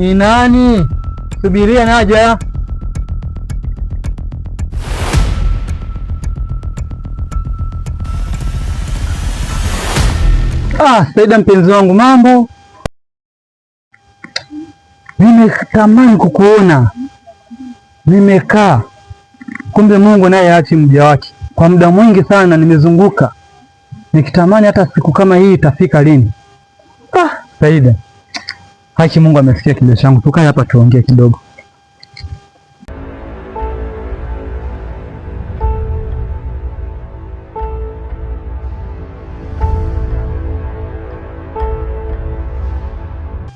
Ni nani? Subiria naja. Ah, Saida mpenzi wangu, mambo. Nimetamani kukuona, nimekaa kumbe Mungu naye haachi mja wake. Kwa muda mwingi sana nimezunguka nikitamani, hata siku kama hii itafika lini? Ah, Saida Haki, Mungu amesikia kilio changu. Tukae hapa tuongee kidogo.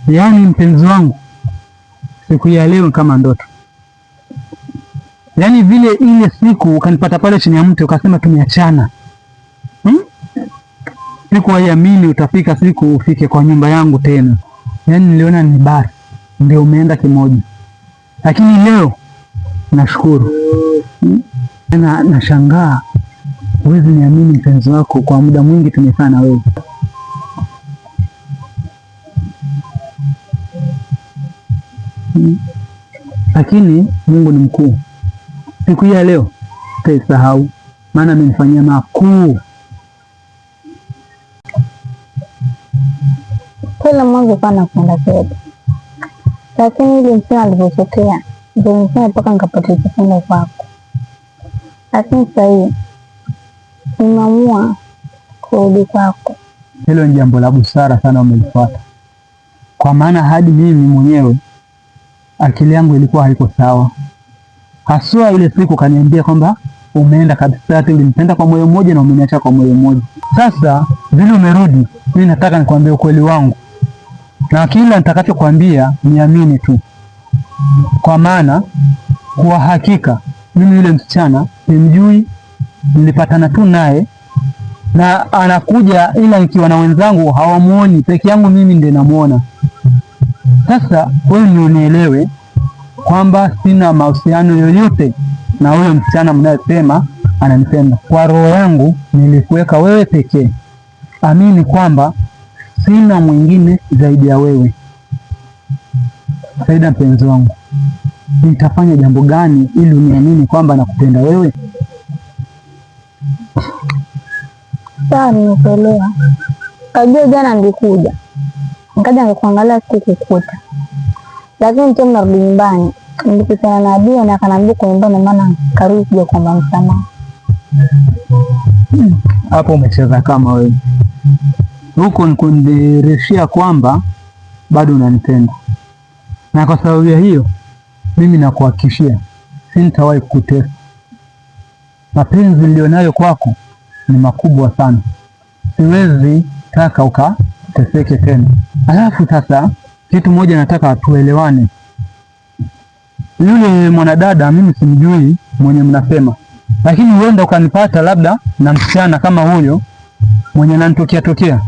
Yaani mpenzi wangu, siku ya leo kama ndoto. Yaani vile ile siku ukanipata pale chini ya mti ukasema tumeachana, hmm? Sikuwaiamini utafika siku ufike kwa nyumba yangu tena yani niliona ni bar ndio umeenda kimoja, lakini leo nashukuru hmm? na nashangaa. Huwezi niamini mpenzi wako, kwa muda mwingi tumekaa na wewe hmm? lakini Mungu ni mkuu. Siku hii ya leo sitaisahau, maana amenifanyia makuu. Kila mwanzo kwa nakupenda zaidi, lakini ili msichana alivyochotea ndio mfanya mpaka nikapata kipenda kwako. Lakini sasa hivi nimeamua kurudi kwako. Hilo ni jambo la busara sana umelifuata, kwa maana hadi mimi mwenyewe akili yangu ilikuwa haiko sawa, haswa ile siku kaniambia kwamba umeenda kabisa. ulimpenda kwa moyo mmoja na umeniacha kwa moyo mmoja. Sasa vile umerudi, mimi nataka nikwambie ukweli wangu na kila nitakachokwambia niamini tu, kwa maana kwa hakika mimi yule msichana nimjui, nilipatana tu naye na anakuja, ila nikiwa na wenzangu hawamuoni, peke yangu mimi ndiye namuona. Sasa wewe ni unielewe kwamba sina mahusiano yoyote na huyo msichana mnayesema ananipenda. Kwa roho yangu nilikuweka wewe pekee, amini kwamba sina mwingine zaidi ya wewe. Saida mpenzi wangu, nitafanya jambo gani ili uniamini kwamba nakupenda wewe? Sawa, nimekuelewa. Kajua jana ndikuja nikaja nikakuangalia, sikukukuta, lakini tena narudi nyumbani nilikutana na Adia na akaniambia kwa nyumbani, maana karudi kuja kwamba msamaha. Hmm, hapo umecheza kama wewe huko ni kunidhihirishia kwamba bado unanipenda, na kwa sababu ya hiyo mimi nakuhakikishia sintawahi kukutesa. Mapenzi nilionayo kwako ni makubwa sana, siwezi taka ukateseke tena. Alafu sasa, kitu moja nataka tuelewane. Yule mwanadada mimi simjui mwenye mnasema, lakini huenda ukanipata labda na msichana kama huyo mwenye ananitokea tokea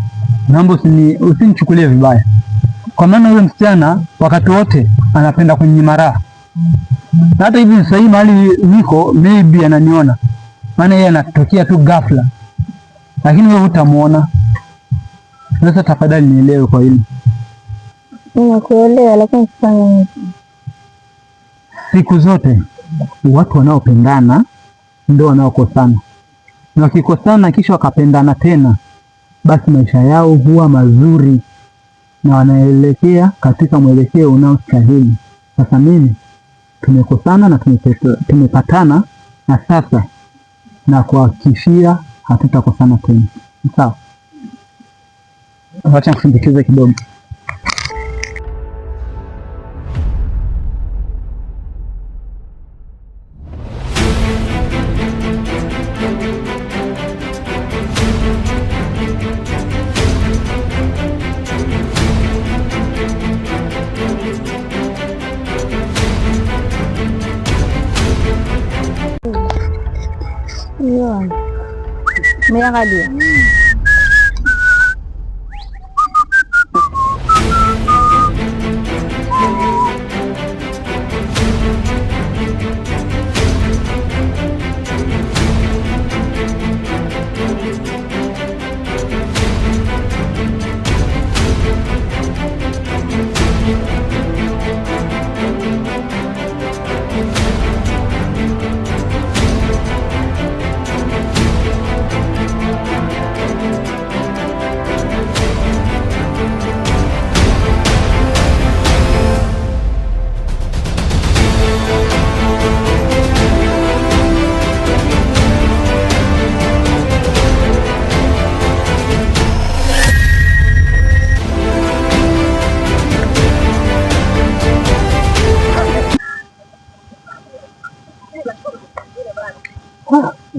naomba usinichukulie vibaya, kwa maana huyo msichana wakati wote anapenda kuninyima raha, na hata hivi sasa hivi mahali niko maybe ananiona, maana yeye anatokea tu ghafla, lakini wewe utamuona. Sasa tafadhali nielewe kwa hili. Nakuelewa, lakini sifanye siku zote watu wanaopendana ndio wanaokosana, na wakikosana kisha wakapendana tena basi maisha yao huwa mazuri na wanaelekea katika mwelekeo unaostahili. Sasa mimi tumekosana na tumepatana, na sasa na kuhakikishia hatutakosana tena. Sawa, wacha nisindikize kidogo. ali.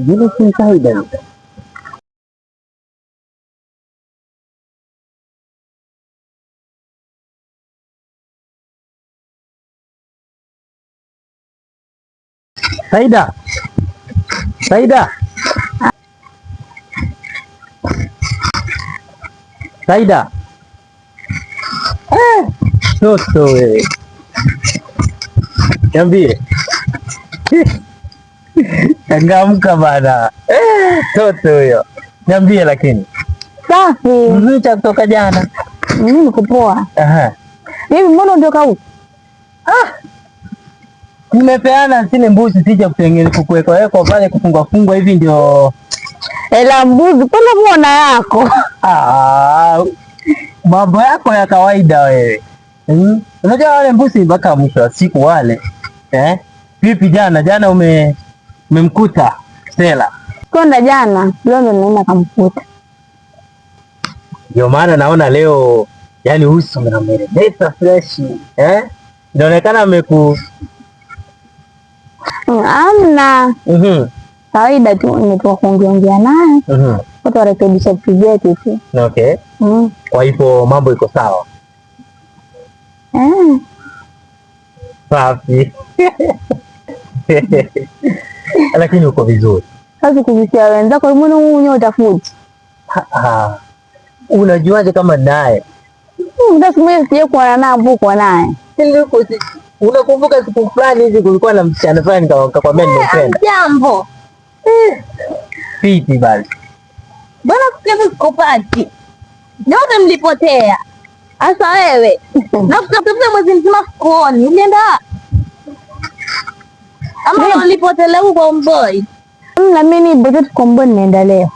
Minutes silent. Saida. Saida. Saida. Eh, so so. Eh. MBA. Changamka bana, eh, toto huyo. Niambie lakini safi mzuri cha kutoka jana. Mimi kupoa. Aha. Hivi mbona ndio kau Ah. Nimepeana zile mbuzi sija kutengeneza kukuweka kwa pale kufunga fungwa hivi ndio. Ela mbuzi kuna muona yako. Ah. Mambo yako ya kawaida wewe. Hmm. Unajua wale mbuzi mpaka mwisho wa siku wale. Eh? Vipi jana jana ume Mmemkuta Stella konda jana, leo ndo naenda kamkuta. Ndio maana naona leo yani uso unameremeta fresh eh? Inaonekana ameku amna mhm. kawaida tu, nimetoka kuongeongea naye mhm. watu warekebisha vitu vyetu tu. Okay, mm. kwa hivyo mambo iko sawa eh. safi. lakini uko vizuri. Sasa kuvisia wenzako mbona wewe mwenyewe utafuti? Unajuaje kama naye mda siku moja sije kuona naye mpo kwa naye unakumbuka siku fulani hizi kulikuwa na msichana fulani kakwambia nimependa eh, jambo piti eh. basi bwana kusikia sikupati nyote mlipotea Asa wewe Na nakutafuta mwezi mzima sikuoni ulienda ama walipotelea huko Mboi. Na mimi ni bote tuko Mboi naendelea.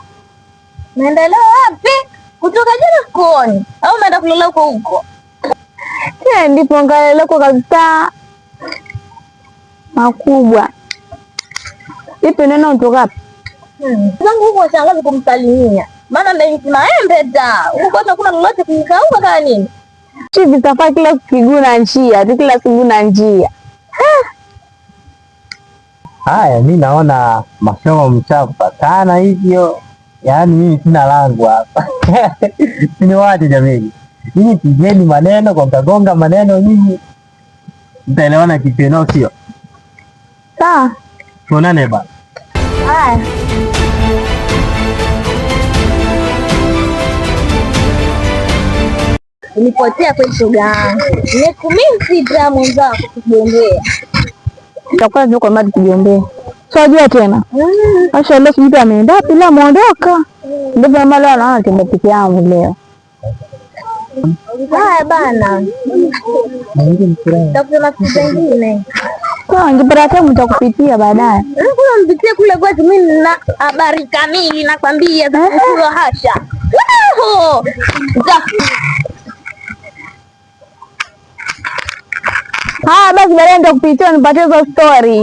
Naendelea wapi? Kutoka jana kuoni. Au naenda kulala huko huko? Yeah, ndipo ngalala huko kabisa. Makubwa. Ipi neno kutoka wapi? Hmm. Zangu huko shangazi kumsalimia. Maana ndio maembe da. Huko hakuna lolote kunikauka kana nini? Chivi safari kila siku na njia, kila siku na njia. Haya, mi naona masomo mchapakana hivyo, yaani mimi sina langu hapa wati Jamii mimi pigeni maneno kwa mtagonga maneno, nyinyi mtaelewana kipeno, sio sawa? Tuonane bana. Haya. Nipotea kweli shoga yangu, nikumisi drama mwenzako Itakuwa juu kwa mali kujiombea. Sio tena. Asha leo sijui ameenda wapi leo ameondoka. Ndio mama leo anaona tena peke yangu leo. Haya bana. Tafuta zingine. Sawa, ngipata tena nitakupitia baadaye. Kuna mpitie kule kwetu mimi na habari kamili nakwambia, eh? Hasha. Haya basi, baadaye But nipatie hizo story.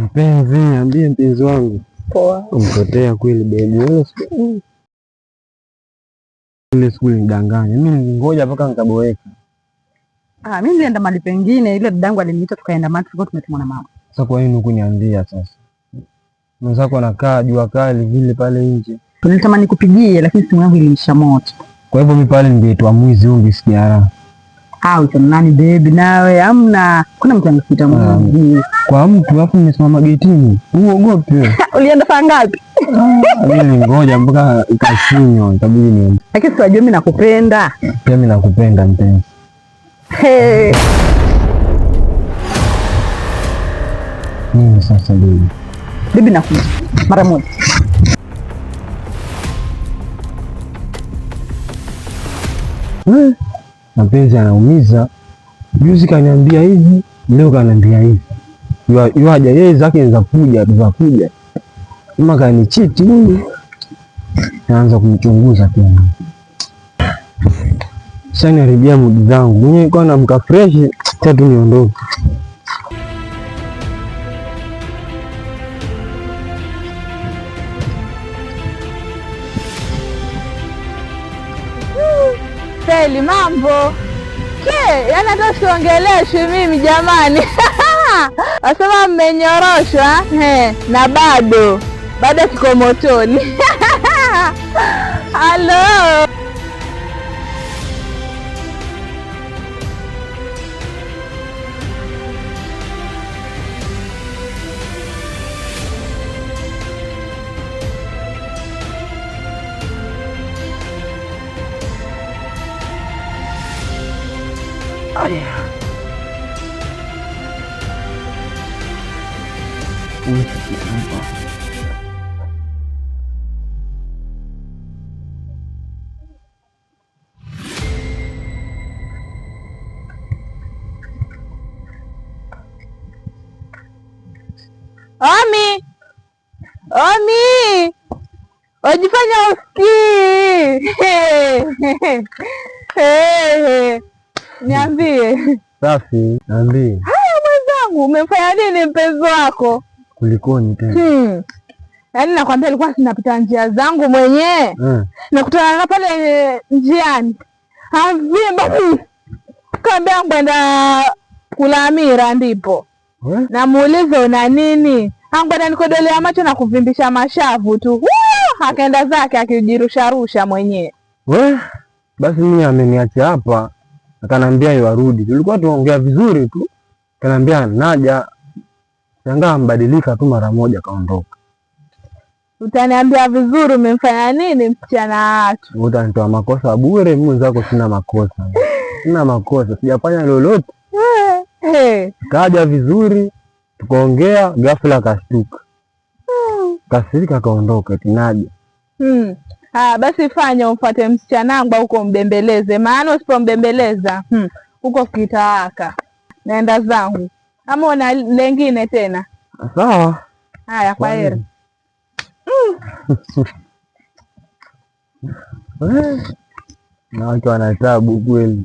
mpenzi, ambie mpenzi wangu. Poa. Umkotea kweli bebi. Ile siku nidanganya. Mimi ningoja mpaka nikaboeka. Ah, mimi nilienda mali pengine, ile dadangu aliniita tukaenda mahali tulikuwa tumetumwa na mama. Sasa kwa nini hukuniambia sasa? Mwenzako anakaa jua kali vile pale nje. Nilitamani kupigie lakini simu yangu ilinisha moto. Kwa hivyo mimi pale ningeitwa mwizi ungi sijara nani bebi nawe, amna kuna mtu anapita mwanangu ah, kwa mtu afu nimesimama getini, uogope. Ulienda saa ngapi? Ah, Ngoja mpaka kasinyo itabidi niende, lakini siwajua mimi nakupenda pia. Mimi nakupenda mpenzi. Nini sasa bebi? Bebi nakuja mara moja. Eh mapenzi yanaumiza. Juzi kaniambia hivi, leo kaniambia hivi, yuaja haja yeye zake za kuja za kuja kama kanichiti mimi, naanza kumchunguza tena. Sasa niharibia mudi zangu mwenyewe, kwa namka fresh tatu niondoke. Deli, mambo ke, yani hata mimi jamani. Wasema mmenyoroshwa na bado bado kiko motoni. Halo. Omi wajifanya usikii. Niambie. Safi, niambie. Haya mwenzangu, umefanya nini mpenzi wako? Kulikoni tena? Hmm. Yaani nakwambia alikuwa sinapita njia zangu mwenyewe hmm. Nakutana na pale njiani avimba kaambia kwenda kula hamira, ndipo eh? namuuliza una nini angu ananikodolea macho na kuvimbisha mashavu tu, akaenda zake akijirusharusha mwenyewe. We basi, mimi ameniacha hapa, akaniambia iwarudi. Tulikuwa tuongea vizuri tu, akaniambia naja, shangaa ambadilika tu mara moja kaondoka. Utaniambia vizuri, umemfanya nini msichana watu? Utanitoa makosa bure? Mimi mwenzako sina makosa, sina makosa, sijafanya lolote. Kaja vizuri tukaongea, ghafla akashtuka mm. kasirika kaondoka tinaja mm. Ah, basi fanya umfuate msichanangu huko mbembeleze, maana usipombembeleza hmm. huko kitawaka. Naenda zangu ama una lengine tena? Sawa, haya, kwa heri hmm. eh, na wake wana tabu kweli.